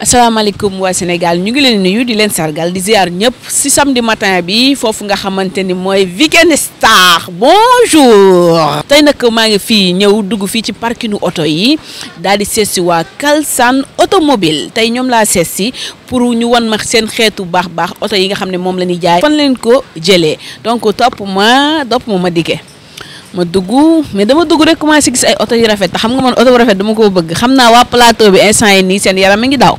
asalaamaaleykum waa Sénégal ñu ngi leen nuyu di leen sergal di ziar ñëpp si samedi matin bi foofu nga xamante ni mooy Weekend Star bonjour. tey nag maa ngi fii ñëw dugg fii ci parkinu oto yi daal di seet si waa Kalsan automobile tey ñoom laa sees si pour ñu wan ma seen xeetu baax baax oto yi nga xam ne moom la ñuy jaay. fan leen ko jëlee donc topp ma topp ma ma dikkee. ma dugg mais dama dugg rek commencé gis ay oto yu rafet te xam nga man oto bu rafet dama ko bëgg xam naa waa bi instant yi nii seen yaram mi ngi daaw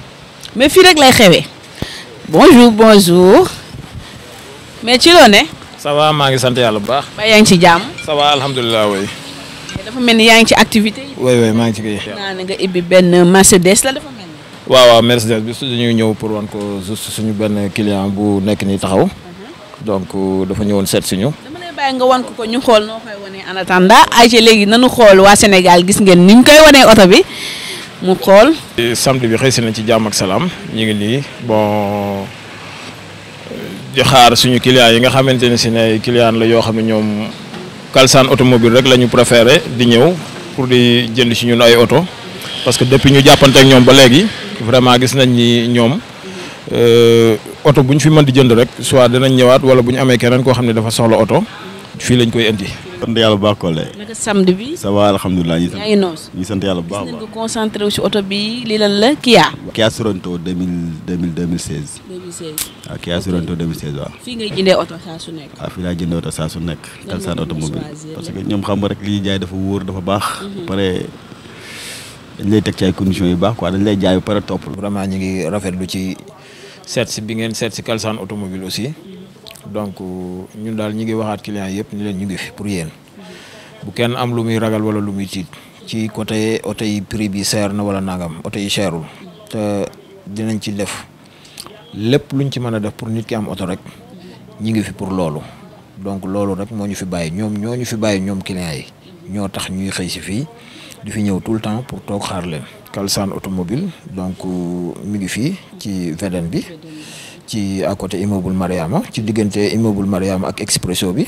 mais fii rek lay xewee bonjour bonjour mais ci loo ne. ça maa ngi sant yàlla bu baax. ba yaa ngi ci jàmm. ça alhamdulilah waay. dafa mel ni yaa ngi ci activité maa ngi ci kii. naa ne nga ibi benn Mercedes la dafa mel ni. waaw waaw Mercedes bi su dañuy ñëw pour wan ko juste suñu benn client bu nekk nii taxaw. Mhm. donc dafa ñëwoon seet si ñu. dama lay bàyyi nga wan ko ko ñu xool noo koy wane en ay ci léegi nanu xool waa Sénégal gis ngeen ni ñu koy wanee oto bi. mu xool. samedi bi xëy si nañ ci jàmm ak salaam ñu ngi nii bon di xaar suñu clients yi nga xamante ne si ne client la yoo xam ne ñoom kalsaan automobile rek la ñu préféré di ñëw pour di jënd si ñun ay oto parce que depuis ñu jàppante ak ñoom ba léegi vraiment gis nañ ñi ñoom euh, oto bu ñu fi mën di jënd rek soit danañ ñëwaat wala bu ñu amee keneen koo xam ne dafa soxla oto fii lañ koy indi. sant yàlla bu baax Kole. naka samedi bi. ça va alhamdulilah ñu sant yaa ngi noos. sant yàlla bu baax gis nañ ko concentré wu oto bi lii lan la Kia. Kia mille deux mille deux mille ah, ngay jëndee oto saa su nekk. waaw ah, fii laa jëndee oto saa su nekk. parce que ñoom xam nga rek li jaay dafa wóor dafa baax. Mhm. pare dañ lay teg ci ay conditions yu baax quoi dañ lay jaay ba pare topp. vraiment ñu ngi rafet lu ci seet si bi ngeen seet si Kalsane automobile aussi. donc ñun daal ñu ngi waxaat client yëpp ni leen ñu ngi fi pour yéen bu kenn am lu muy ragal wala lu muy tiit ci côté oto yi prix bi seer na wala nangam oto yi seerul te dinañ ci def lépp luñ ci mën a def pour nit ki am oto rek ñu ngi fi pour loolu donc loolu rek moo ñu fi bàyyi ñoom ñoo ñu fi bàyyi ñoom client yi ñoo tax ñuy xëy si fii di fi ñëw tout le temps pour toog xaar leen Kalsane automobile donc euh, mi ngi fii ci VDN bi ci à côté immeuble Mariama ci diggante immeuble Mariama ak Expresso bi